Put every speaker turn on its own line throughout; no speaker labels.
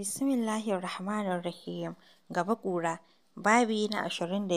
Bismillahir Rahmanir Rahim. Gaba ƙura. Babi na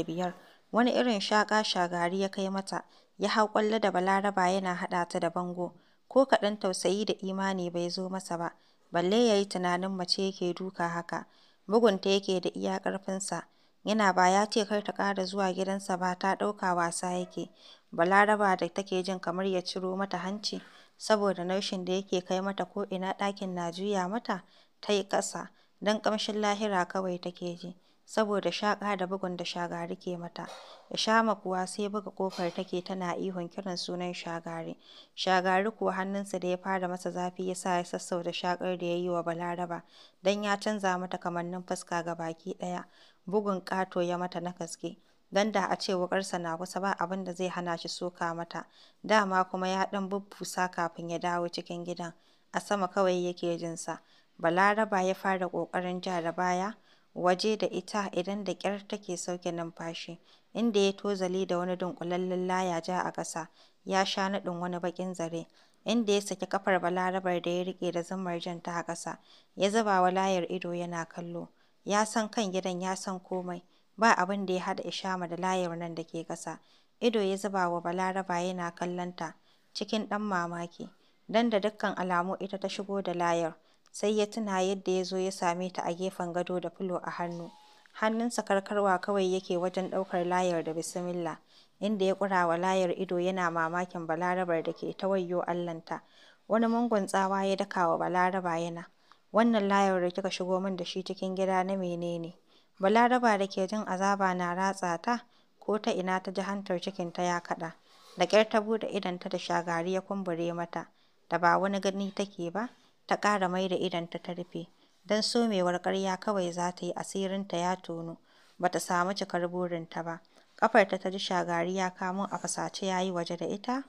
biyar. Wani irin shaƙa shagari ya kai mata, ya hau ƙwallo da Balaraba yana haɗa ta da bango, ko kaɗan tausayi da imani bai zo masa ba, balle ya yi tunanin mace yake duka haka. Bugunta yake da iya ƙarfinsa, yana ba ya ce kar ta ƙara zuwa gidansa ba ta ɗauka wasa yake. Balaraba da take jin kamar ya ciro mata hanci, saboda naushin da yake kai mata ko ina ɗakin na juya mata, ta yi ƙasa, don ƙamshin lahira kawai take ji, saboda shaƙa da bugun da Shagari ke mata. Ishama kuwa sai buga ƙofar take tana ihun kiran sunan Shagari. Shagari kuwa hannunsa da ya fara masa zafi ya sa ya sassauta shaƙar da ya yi wa Balaraba, don ya canza mata kamannin fuska ga baki ɗaya. Bugun ƙato ya mata na gaske. don da a ce wuƙarsa na kusa ba abin da zai hana shi soka mata, dama kuma ya ɗan bubbusa kafin ya dawo cikin gidan, a sama kawai yake jinsa. Balaraba ya fara ƙoƙarin gyara baya waje da ita idan da ƙyar take sauke numfashi, inda ya tozale tozali da wani dunƙulallen laya ja a ƙasa ya sha naɗin wani baƙin zare, inda ya saki ƙafar Balarabar da ya riƙe da zummar jan ta a ƙasa, ya zuba wa layar ido yana kallo. Ya san kan gidan, ya san komai, ba abin da ya haɗa Ishama da layar nan da ke ƙasa. Ido ya zuba wa Balaraba yana kallon ta cikin ɗan mamaki, don da dukkan alamu ita ta shigo da layar. sai ya tuna yadda ya zo ya same ta a gefen gado da fulo a hannu. Hannunsa karkarwa kawai yake wajen ɗaukar layar da bisamilla, inda ya ƙura wa layar ido yana mamakin Balarabar da ke ta wayyo allanta Wani mangon tsawa ya daka wa Balaraba yana, wannan layar da kika shigo min da shi cikin gida na menene? Balaraba da ke jin azaba na ratsa ta, ko ta ina ta ji hantar ta ya kaɗa. Da ƙyar ta buɗe idonta da shagari ya kumbure mata, da ba wani gani take ba. ta ƙara mai da idonta ta rufe, don somewar ƙarya kawai za ta yi asirinta ya tono, ba ta samu cikar burinta ba. Ƙafarta ta ji shagari ya kamo a fasace ya yi waje da ita.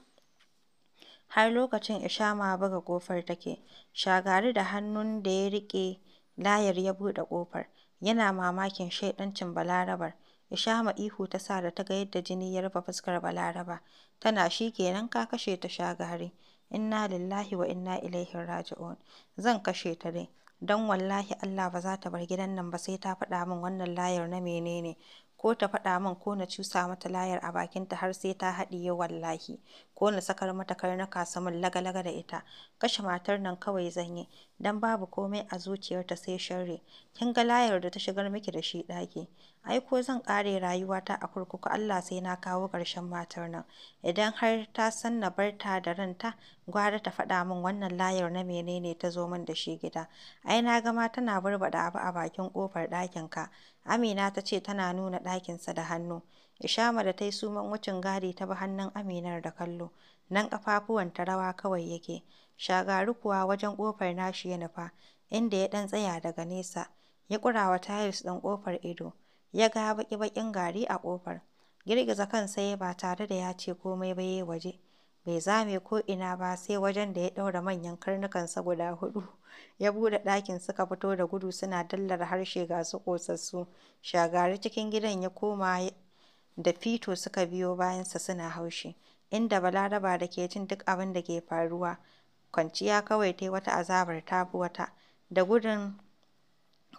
Har lokacin Ishama buga ƙofar take, shagari da hannun da ya riƙe layar ya buɗe ƙofar, yana mamakin shaidancin Balarabar. Ishama ihu ta sa da ta ga yadda jini ya rufe fuskar Balaraba, tana shi kenan ka kashe ta shagari. inna lillahi wa inna ilaihi raji'un zan kashe ta dai dan wallahi Allah ba za ta bar gidan nan ba sai ta faɗa min wannan layar na menene ko ta faɗa min ko na cusa mata layar a bakinta har sai ta haɗiye wallahi ko na sakar mata karnuka samun lagalaga laga-laga da ita. Kashe matar nan kawai zan yi, don babu komai a zuciyarta sai sharri. Kin ga layar da ta shigar miki da shi ɗaki. Ai ko zan kare rayuwata a kurkuku Allah sai na kawo ƙarshen matar nan. Idan har ta san na bar ta da ranta, gwara ta faɗa min wannan layar na menene ta zo min da shi gida. Ai na gama ma tana barbaɗa abu a bakin kofar ƙofar ka Amina ta ce tana nuna ɗakinsa da hannu. Ishama da ta yi suman wucin gadi ta bi hannun Aminar da kallo, nan ƙafafuwanta rawa kawai yake, Shagaru kuwa wajen ƙofar nashi ya nufa, inda ya ɗan tsaya daga nesa, ya ƙurawa tiles ɗin ƙofar ido, ya ga baƙi-baƙin gari a ƙofar, girgiza kansa ya ba tare da ya ce komai ba ya waje, bai zame ko ina ba sai wajen da ya ɗaura manyan karnukansa guda hudu ya buɗe ɗakin suka fito da gudu suna dallar harshe ga su ƙosassu, Shagari cikin gidan ya koma da Fito suka biyo bayansa suna haushi, inda Balaraba da ke jin duk abin da ke faruwa, kwanciya kawai ta yi wata azabar ta wata, da gudun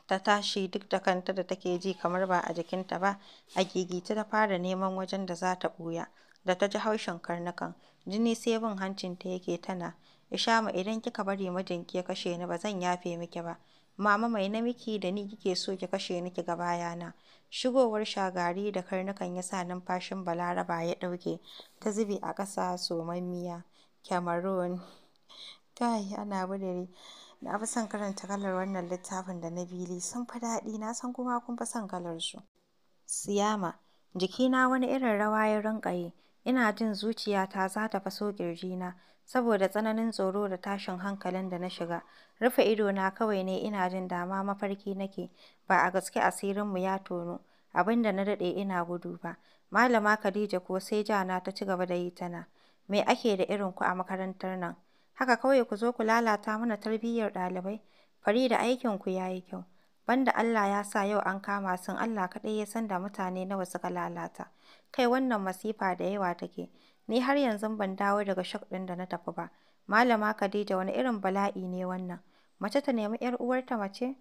ta tashi duk da kanta da take ji kamar ba a jikinta ba, a gigice ta fara neman wajen da za ta ɓuya, da ta ji haushin karnukan, jini sai bin hancin ta yake tana, Ishama idan kika bari mijinki ya kashe ni ba zan yafe miki ba, mama mai na miki da ni kike so ki kashe ni ki ga bayana. Shigowar shagari da karnukan ya sa numfashin Balaraba ya ɗauke, ta zubi a ƙasa somammiya. Cameron Kai, ana budiri. Na fi son karanta kalar wannan littafin da na bili. sun fi daɗi, na san kuma kun fi son kalarsu. Siyama Jikina wani irin rawa ya rinƙa ina jin zuciyata za ta faso ƙirji na. Saboda tsananin tsoro da tashin hankalin da na shiga, rufe idona kawai ne ina jin dama mafarki nake, ba a gaske asirinmu ya tono. abin da na daɗe ina gudu ba. Malama Khadija kuwa sai ja na ta ci gaba da yi tana, "Me ake da irin ku a makarantar nan? Haka kawai ku zo ku lalata mana tarbiyyar ɗalibai? Farida aikinku ya yi kyau, banda Allah ya sa yau an kama sun Allah kaɗai ya san da mutane nawa suka lalata. Kai wannan masifa da yawa take. Ni har yanzu ban dawo daga shok ɗin da na tafi ba. Malama Khadija wani irin bala'i ne wannan? Mace ta nemi 'yar uwarta mace?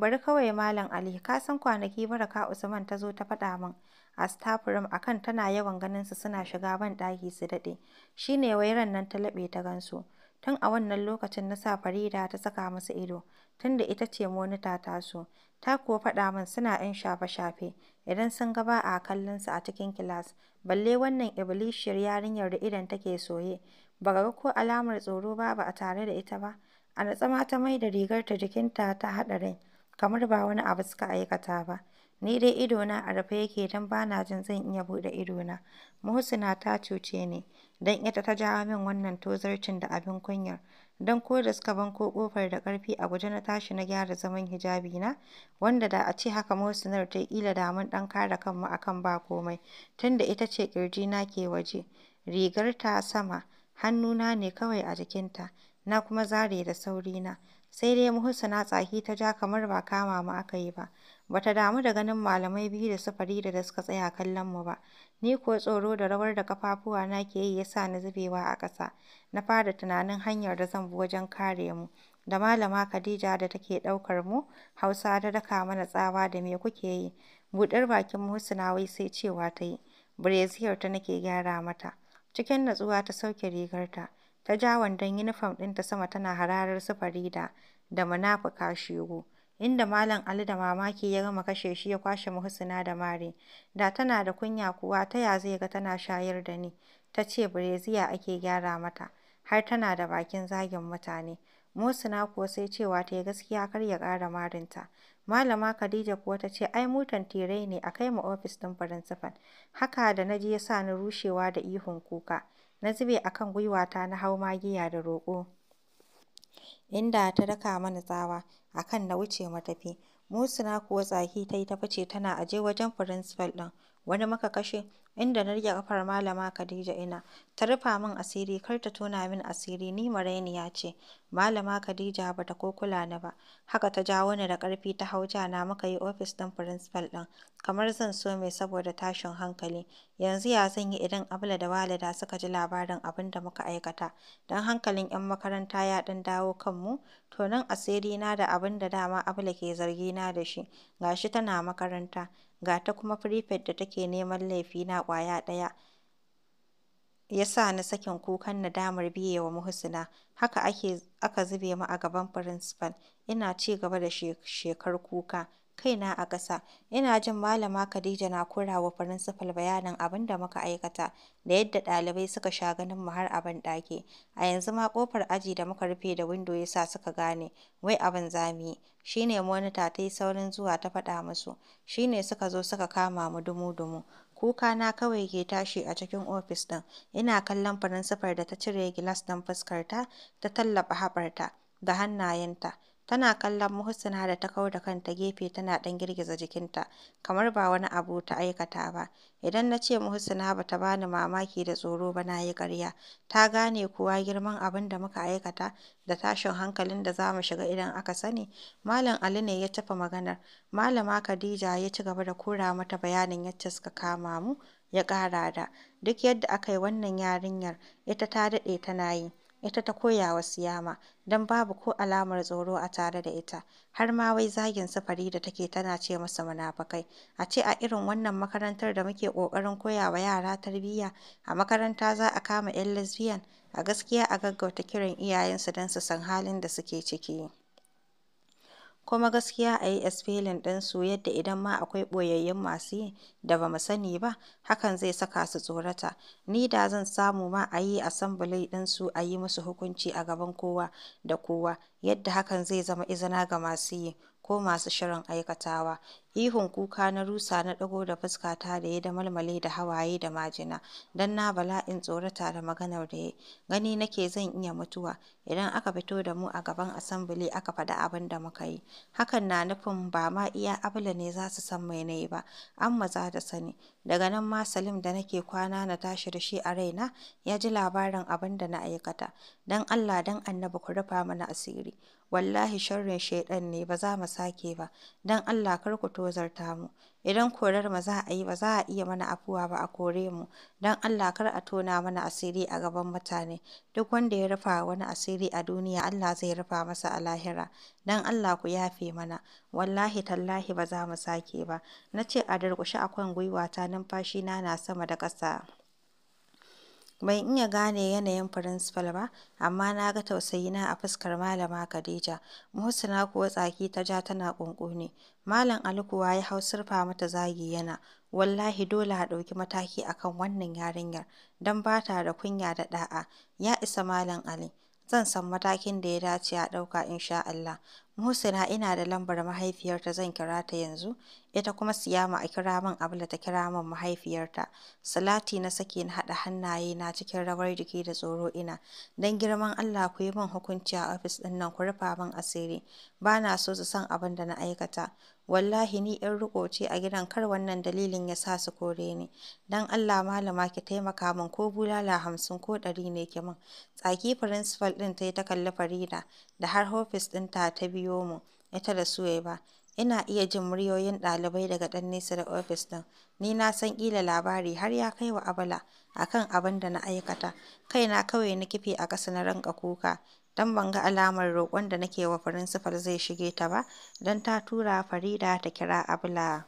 bari kawai Malam Ali, ka san kwanaki Baraka Usman ta zo ta faɗa min a staff akan tana yawan ganin su suna shiga banɗaki su daɗe, shine ne wai ran nan ta laɓe ta gansu su. Tun a wannan lokacin na sa Farida ta saka musu ido, tunda ita ce monita tasu, ta kuwa faɗa min suna 'yan shafe-shafe idan sun ga ba a kallon su a cikin kilas, balle wannan ibilishiyar yarinyar da idan take soye, ba ga ko alamar tsoro babu a tare da ita ba? A natse ma ta rigar rigarta jikinta ta haɗa kamar ba wani abu suka aikata ba. Ni dai idona a rufe yake don ba na jin zan iya buɗe idona. Muhsina ta cuce ni, don ita ta jawo min wannan tozarcin da abin kunyar, don ko da suka ban ko ƙofar da ƙarfi a guje na tashi na gyara zaman hijabi na wanda da a ce haka Muhsinar ta yi ƙila da ɗan kare kanmu a kan ba komai, tunda ita ce na ke waje, Rigar ta sama, hannuna ne kawai a jikinta, na kuma zare da saurina. Sai dai Muhsina tsaki ta ja kamar ba kama mu aka yi ba. Ba ta damu da ganin malamai biyu da su da suka tsaya kallon mu ba, ni ko tsoro da rawar da kafafuwa na ke yi ya sa ni zubewa a ƙasa, na fara tunanin hanyar da zan bi wajen kare mu, da Malama Khadija da take ɗaukar mu, Hausa ta daka mana tsawa da me kuke yi, buɗar bakin Muhsina wai sai cewa ta yi, breziyar ta nake gyara mata. Cikin natsuwa ta sauke rigarta, ta ja wandon yunifom ɗinta sama tana hararar su Farida da munafuka shegu. inda Malam Ali da mamaki ya gama kashe shi ya kwashe Muhsina da mari. Da tana da kunya kuwa ta ya zai ga tana shayar da ni, ta ce bireziya ake gyara mata, har tana da bakin zagin mutane. Musina kuwa sai cewa ta yi gaskiya kar ya ƙara marinta. Malama Khadija kuwa ta ce ai mutan tirai ne a kai mu ofis ɗin firinsifal. Haka da na ji ya sa ni rushewa da ihun kuka. Na zube akan kan gwiwata na hau magiya da roƙo. inda ta daka mani tsawa a kan na wuce matafi, Muhsina kuwa tsaki ta yi ta fice tana aje wajen firinsifal ɗin. wani muka kashe, inda na riƙe kafar Malama Khadija ina ta rufa min asiri kar ta tona min asiri ni marainiya ce, Malama Khadija ba ta ko kula ni ba, haka ta jawo ni da karfi ta hau na muka yi ofis ɗin principal ɗin, kamar zan so mai saboda tashin hankali, yanzu ya zan yi idan Abla da Walida suka ji labarin abin da muka aikata, don hankalin 'yan makaranta ya ɗan dawo kan mu to nan asiri na da abin da dama Abla ke zargi na da shi, gashi tana makaranta. ga ta kuma firifet da take neman laifi na kwaya ɗaya, ya sa ni sakin kukan nadamar biyewa Muhsina, haka aka zube mu a gaban firinsifal, ina ci gaba da shekar kuka. kaina a ƙasa, ina jin Malama Khadija na wa firinsifal bayanin abin da muka aikata da yadda ɗalibai suka sha ganin mu har abin ɗaki. a yanzu ma ƙofar aji da muka rufe da windo ya sa suka gane wai abin za mu yi, shi ne monita ta yi saurin zuwa ta faɗa musu, shi ne suka zo suka kama mu dumu-dumu. na kawai ke tashi a cikin ofis ɗin, ina kallon firinsifal da ta cire gilas ɗin fuskarta ta tallaɓa haɓarta da hannayenta. Tana kallon Muhsina da ta kau da kanta gefe tana ɗan girgiza jikinta, kamar ba wani abu ta aikata ba. Idan na ce Muhsina ba ta bani mamaki da tsoro ba na yi ƙarya. Ta gane kuwa girman abin da muka aikata da tashin hankalin da za mu shiga idan aka sani. Malam Ali ne ya tafa maganar. Malama Khadija ya ci gaba da kura mata bayanin yadda suka kama mu, ya kara da, "Duk yadda aka yi wannan yarinyar, ita ta daɗe tana yi. ita ta koya wa Siyama, don babu ko alamar tsoro a tare da ita, har ma wai zagin su da take tana ce masa munafukai. A ce a irin wannan makarantar da muke ƙoƙarin koya wa yara tarbiyya, a makaranta za a kama 'yan lesbiyan, a gaskiya a gaggauta kiran iyayensu don su san halin da suke ciki. Kuma gaskiya a yi espelin ɗinsu yadda idan ma akwai ɓoyayyun masu yi da ba mu sani ba, hakan zai saka su tsorata, ni da zan samu ma a yi asambili ɗinsu a yi musu hukunci a gaban kowa da kowa, yadda hakan zai zama izina ga masu yi, ko masu shirin aikatawa. ihun kuka na rusa na ɗago da fuskata da ya da malmale da hawaye da majina, don na bala'in tsorata da maganar da ya gani nake zan iya mutuwa idan aka fito da mu a gaban asambili aka faɗi abin da muka yi. Hakan na nufin ba ma iya abla ne za su san mai na yi ba, an maza da sani. Daga nan ma Salim da nake kwana na tashi da shi a raina ya ji labarin abin da na aikata. Don Allah don annabi ku rufa mana asiri. Wallahi sharrin shaidan ne ba za mu sake ba. Don Allah kar ku to. tozarta mu, idan korar mu za a yi ba za a iya mana afuwa ba a kore mu, don Allah kar a tona mana asiri a gaban mutane, duk wanda ya rufa wani asiri a duniya Allah zai rufa masa a lahira, don Allah ku yafe mana, wallahi tallahi ba za mu sake ba, na ce a durƙushe a ta numfashi na na sama da ƙasa. Ban iya gane yanayin firinsifal ba, amma na ga tausayina a fuskar Malama Khadija, Muhsina kuwa tsaki ta ja tana ƙunƙuni. Malam Ali kuwa ya hau sirfa mata zagi yana, wallahi dole a ɗauki mataki akan wannan yarinyar, Dan ba ta da kunya da ɗa'a. Ya isa Malam Ali, zan san matakin da ya dace a ɗauka insha Allah. Muhsina ina da lambar mahaifiyarta zan kira ta yanzu, ita kuma Siyama a kira min Abla ta kira min mahaifiyarta. Salati na sake na haɗa hannaye na cikin rawar jiki da tsoro ina, don girman Allah ku yi min hukunci a ofis ɗin nan ku rufa min asiri, ba na so su san abin da na aikata. Wallahi ni yan riƙo ce a gidan kar wannan dalilin ya sa su kore ni. Don Allah malama ki taimaka min ko bulala hamsin ko ɗari ne ki min. Tsaki firinsifal ɗin ta yi ta kalli Farida da har ofis ɗin ta ta biyo mu, ita da Suwaiba. Ina iya jin muryoyin ɗalibai daga ɗan nesa da ofis ɗin. Ni na san ƙila labari har ya kai wa Abala a kan abin da na aikata. Kaina kawai na kife a ƙasa na rinƙa kuka. don ban ga alamar roƙon da nake wa firinsifal zai shige ta ba don ta tura Farida ta kira Abla.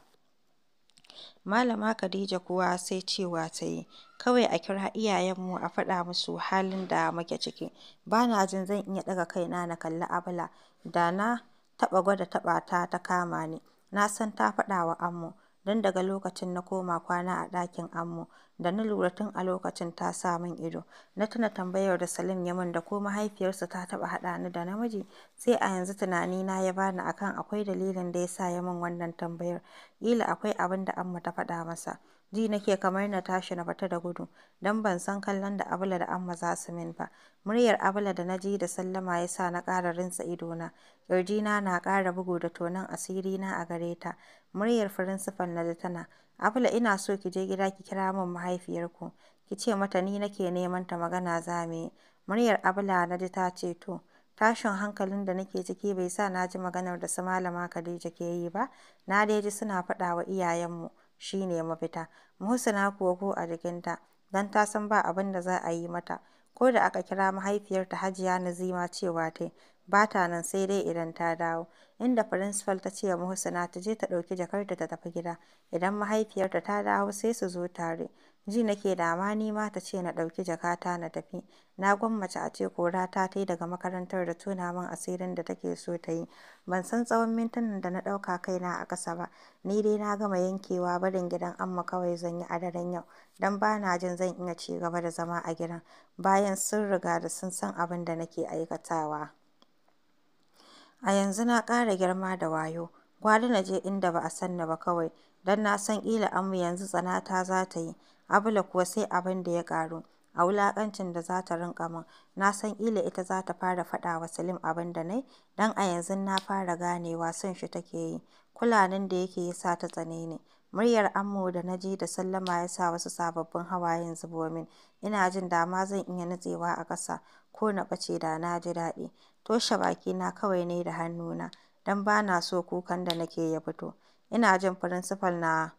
Malama Khadija kuwa sai cewa ta yi, kawai a kira iyayenmu a faɗa musu halin da muke ciki. Ba na jin zan iya ɗaga kaina na kalli Abla, da na taɓa gwada taɓa ta ta kama ni. Na san ta faɗa wa Ammo. don daga lokacin na koma kwana a ɗakin Ammo da na lura tun a lokacin ta sa min ido, na tuna tambayar da Salim ya min da ko mahaifiyarsa ta taɓa haɗa ni da namiji, sai a yanzu tunani na ya bani akan akwai dalilin da ya sa ya min wannan tambayar, ƙila akwai abin da Ammo ta faɗa masa. Ji nake kamar na tashi na fita da gudu, don ban san kallon da Abula da Amma za su min ba. Muryar Abula da na ji da sallama ya sa na ƙara rintsa na ƙirjina na ƙara bugu da tonon asirina a gareta. Muryar firinsifal na ji tana, abula ina so ki je gida ki kira min mahaifiyarku, ki ce mata ni nake neman ta magana za mu yi. Muryar abula na ji ta ce to. Tashin hankalin da nake ciki bai sa na ji maganar da su Malama Khadija ke yi ba, na dai ji suna faɗa wa iyayenmu shi ne mafita. Muhsina kuwa ko a jikinta, don ta san ba abin da za a yi mata. Ko da aka kira mahaifiyarta Hajiya na zima cewa ta ba ta nan sai dai idan ta dawo, inda firinsifal ta ce wa Muhsina ta je ta ɗauki jakarta ta tafi gida, idan mahaifiyarta ta dawo sai su zo tare. Ji nake dama ni ma ta ce na ɗauki jakata na tafi, na gwammace a ce kora ta ta yi daga makarantar da tuna min asirin da take so ta yi. Ban san tsawon mintunan da na ɗauka kaina a ƙasa ba, ni dai na gama yankewa barin gidan Amma kawai zan yi a daren yau, don ba na jin zan iya ci gaba da zama a gidan, bayan sun riga da sun san abin da nake aikatawa. A yanzu na ƙara girma da wayo, gwari na je inda ba a san ni ba kawai, don na san ƙila Ammu yanzu tsanata za ta yi, Abula kuwa sai abin da ya ƙaru, a wulaƙancin da za ta rinƙa min, na san ƙila ita za ta fara faɗa wa Salim abin da na don a yanzu na fara ganewa son shi take yi, kulanin da yake ya sa ta tsane ne Muryar Ammu da na ji da sallama ya sa wasu sababbin hawayen zubo min, ina jin dama zan iya nutsewa a ƙasa ko na ɓace da na ji daɗi. Toshe bakina kawai ne da hannuna don ba na so kukan da nake ya fito. Ina jin firinsifal na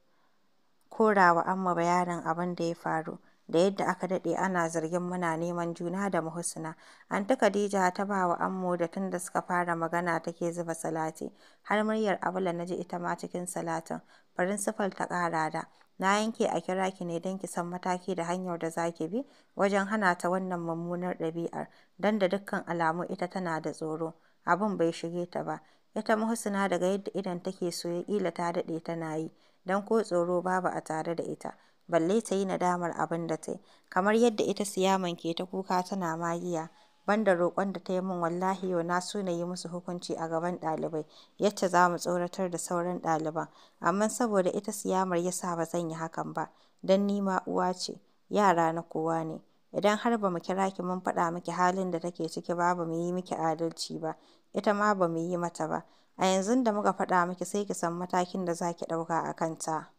korawa Amma bayanin abin da ya faru da yadda aka dade ana zargin muna neman juna da An Anty Khadija ta ba wa Ammo da tun da suka fara magana take zuba salati, har muryar Abula na ji ita ma cikin salatin. Firinsifal ta ƙara da, "Na yanke a kira ki ne don ki san mataki da hanyar da za ki bi wajen hana ta wannan mummunar ɗabi'ar. don da dukkan alamu ita tana da tsoro, abin bai shige ta ba, ita Muhsina daga yadda idan take so ya ƙila ta daɗe tana yi, don ko tsoro babu a tare da ita, balle ta yi nadamar abin da ta yi, kamar yadda ita Siyaman ke ta kuka tana magiya, ban da roƙon da ta yi min wallahi yau na so na yi musu hukunci a gaban ɗalibai, yadda za mu tsoratar da sauran ɗaliban, amma saboda ita Siyamar ya sa ba zan yi hakan ba, don ni ma uwa ce, yara na kowa ne. Idan har ba mu kira ki mun faɗa miki halin da take ciki ba ba mu yi miki adalci ba, ita ma ba mu yi mata ba, a yanzu da muka faɗa miki sai ki san matakin da zaki ki ɗauka a kanta.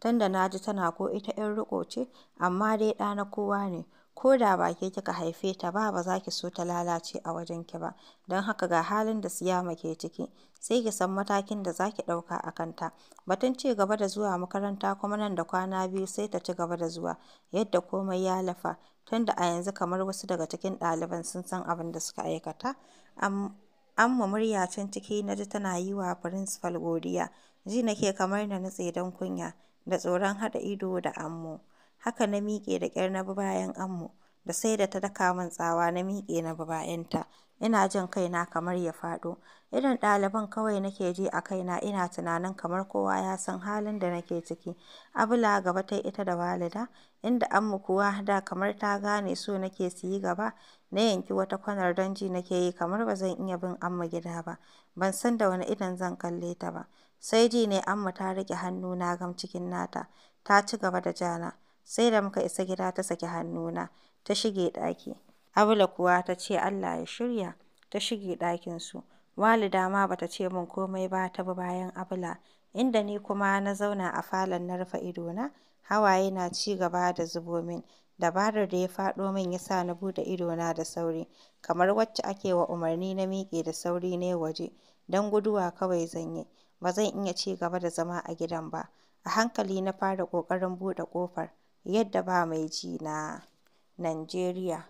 Tun da na ji tana ko ita 'yan riƙo ce, amma dai ɗa na kowa ne. Ko da baki kika haife ta ba, ba za ki so ta lalace a wajen ki ba, don haka ga halin da Siyama ke ciki, sai ki san matakin da za ki ɗauka a kanta. Batun ci gaba da zuwa makaranta kuma nan da kwana biyu sai ta ci gaba da zuwa, yadda komai ya lafa, tunda a yanzu kamar wasu daga cikin ɗaliban sun san abin da suka aikata. Amma murya can ciki na ji tana yi wa firinsifal godiya, ji nake kamar na nutse don kunya, da tsoron haɗa ido da Ammo. Haka na miƙe da ƙyar na bi bayan ammu da sai da ta daka min tsawa na miƙe na bi bayanta, ina jin kai na kamar ya faɗo. Irin ɗaliban kawai nake ji a kai na ina tunanin kamar kowa ya san halin da nake ciki. Abula gaba ta ita da Walida, inda Ammu kuwa da kamar ta gane so nake su yi gaba, na yanki wata kwanar don ji nake yi kamar ba zan iya bin Ammu gida ba, ban san da wani idan zan kalle ta ba. Sai ji ne Ammu ta riƙe na gam cikin nata, ta ci gaba da jana. Sai da muka isa gida ta saki hannuna, ta shige ɗaki. Abula kuwa ta ce Allah ya shirya, ta shige su Walida ma ba ta ce min komai ba ta bi bayan Abula, inda ni kuma na zauna a falon na rufe na hawaye na ci gaba da zubo min. Dabarar da ya faɗo min ya sa na buɗe na da sauri, kamar wacce ake wa umarni na miƙe da sauri ne waje, don guduwa kawai zan yi, ba zan iya ci gaba da zama a gidan ba. A hankali na fara ƙoƙarin buɗe ƙofar. yadda ba mai ji na Najeriya.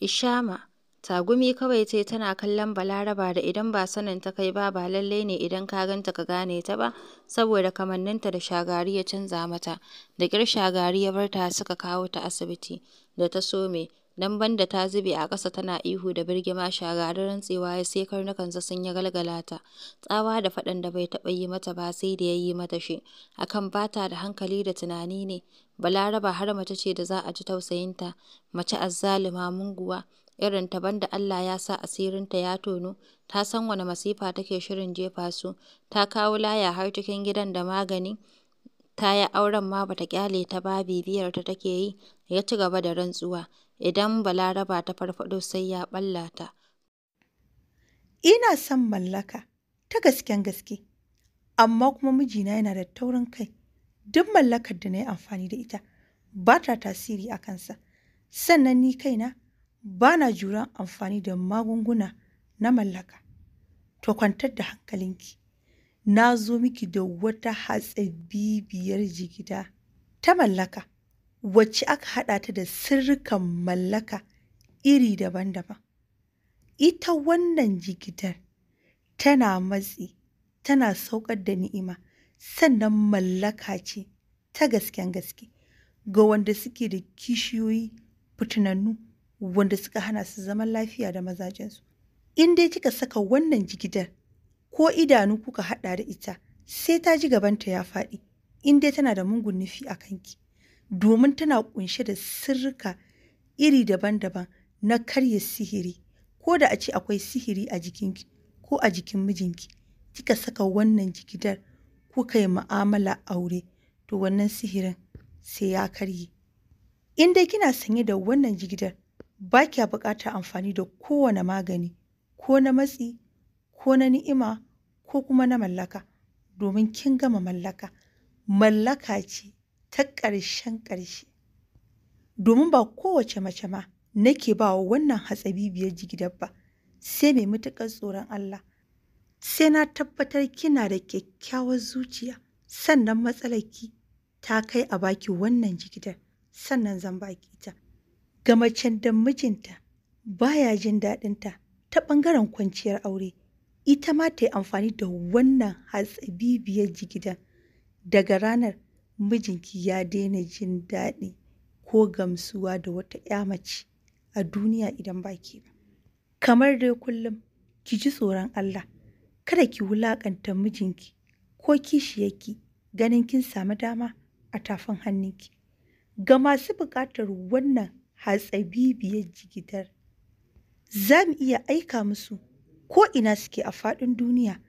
Ishama tagumi kawai ta tana kallon Balaraba da idan ba sanin ta kai ba, ba lallai ne idan ka ganta ka gane ta ba, saboda kamanninta da Shagari ya canza mata. Da ƙyar Shagari ya bar ta suka kawo ta asibiti da ta some. don ban da ta zube a ƙasa tana ihu da birgima shagari rantsewa ya sai karnukansa sun yi galgalata, tsawa da faɗan da bai taɓa yi mata ba sai da ya yi mata shi, akan bata da hankali da tunani ne, Balaraba har mace ce da za a ji tausayinta, mace azzalima munguwa, irin ta banda Allah ya sa asirinta ya tono, ta san wani masifa take shirin jefa su, ta kawo laya har cikin gidan da magani, ta yi auren ma bata kyale ta ba ta take yi, ya ci gaba da rantsuwa. Idan Balaraba ta farfaɗo sai ya ɓallata. ta.
Ina son mallaka ta gasken gaske, amma kuma mijina yana da taurin kai. Duk mallakar da na yi amfani da ita ba ta tasiri a kansa. Sannan ni kaina ba na juran amfani da magunguna na mallaka. To kwantar da hankalinki. Na zo miki da wata bibiyar jigida ta mallaka. wacce aka haɗa ta da sirrikan mallaka iri daban-daban. Ita wannan jigidar tana matsi, tana saukar da ni'ima, sannan mallaka ce ta gasken gaske ga wanda suke da kishiyoyi fitinannu wanda suka hana su zaman lafiya da mazajensu. In dai kika saka wannan jigidar ko idanu kuka haɗa da ita sai ta ji gabanta ya faɗi in dai tana da mungun nufi a kanki. domin tana kunshe da sirrika iri daban-daban na karya sihiri ko da a ce akwai sihiri a jikinki ko a jikin mijinki kika saka wannan jigidar ka yi mu'amala aure to wannan sihirin sai ya karye in dai kina sanye da wannan jigidar ba kya buƙatar amfani da kowane magani ko na matsi ko na ni'ima ko kuma na mallaka domin kin gama mallaka mallaka ce ta ƙarshen ƙarshe. Domin ba kowace mace ma nake ba wa wannan hatsabibiyar jigidar ba, sai mai matuƙar tsoron Allah. Sai na tabbatar kina da kyakkyawar zuciya, sannan matsalarki ta kai a baki wannan jigidar, sannan zan baki ta. Ga macen da mijinta baya jin daɗinta ta ɓangaren kwanciyar aure. ita ma ta yi amfani da wannan hatsabibiyar jigidan daga ranar mijinki ya daina jin daɗi ko gamsuwa da wata ‘ya mace a duniya idan ba ke ba. Kamar dai kullum, ki ji tsoron Allah, kada ki wulaƙanta mijinki ko kishiyarki ganin kin sami dama a tafin hannunki. Ga masu buƙatar wannan hatsabibiyar jigitar, za mu iya aika musu ko ina suke a faɗin duniya,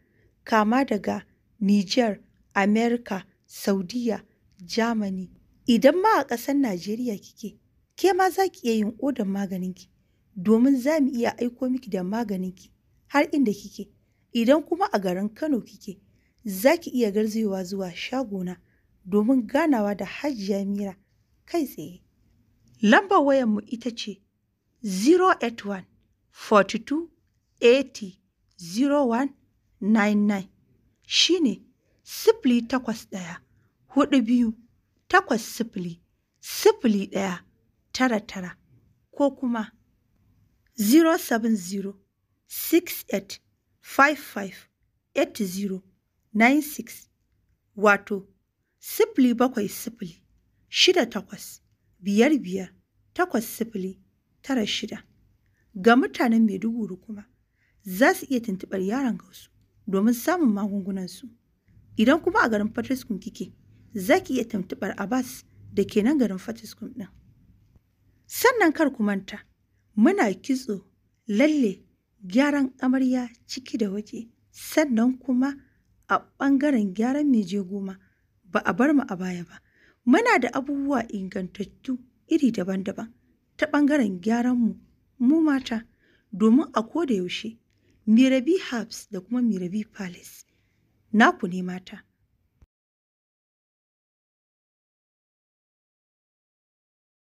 kama daga Nijar, Amerika, Saudiya, Germany, idan ma a ƙasar Najeriya kike, ke ma za ki iya yin odar maganinki, domin za mu iya aiko miki da maganinki har inda kike. Idan kuma a garin Kano kike, za ki iya garzewa zuwa shagona domin ganawa da Hajiya Mira kai tsaye. Lambar wayarmu ita ce 081 42 80 0199 shi ne sifili takwas ɗaya hudu biyu takwas sifili sifili ɗaya tara tara ko kuma 070 wato sifili bakwai sifili shida takwas biyar biyar takwas sifili tara shida ga mutanen Maiduguri kuma za su iya tuntuɓar yaron gausu domin samun magungunansu idan kuma a garin Fataskun kike za ki iya tuntuɓar Abbas da ke nan garin Fatiskum ɗin. Sannan kar ku manta, muna kitso, lalle, gyaran amarya ciki da waje, sannan kuma a ɓangaren gyaran meje goma ba a bar mu a baya ba. Muna da abubuwa ingantattu iri daban-daban ta ɓangaren gyaran mu mu mata domin a koda yaushe Mirabi Herbs da kuma Mirabi Palace. Naku ne mata.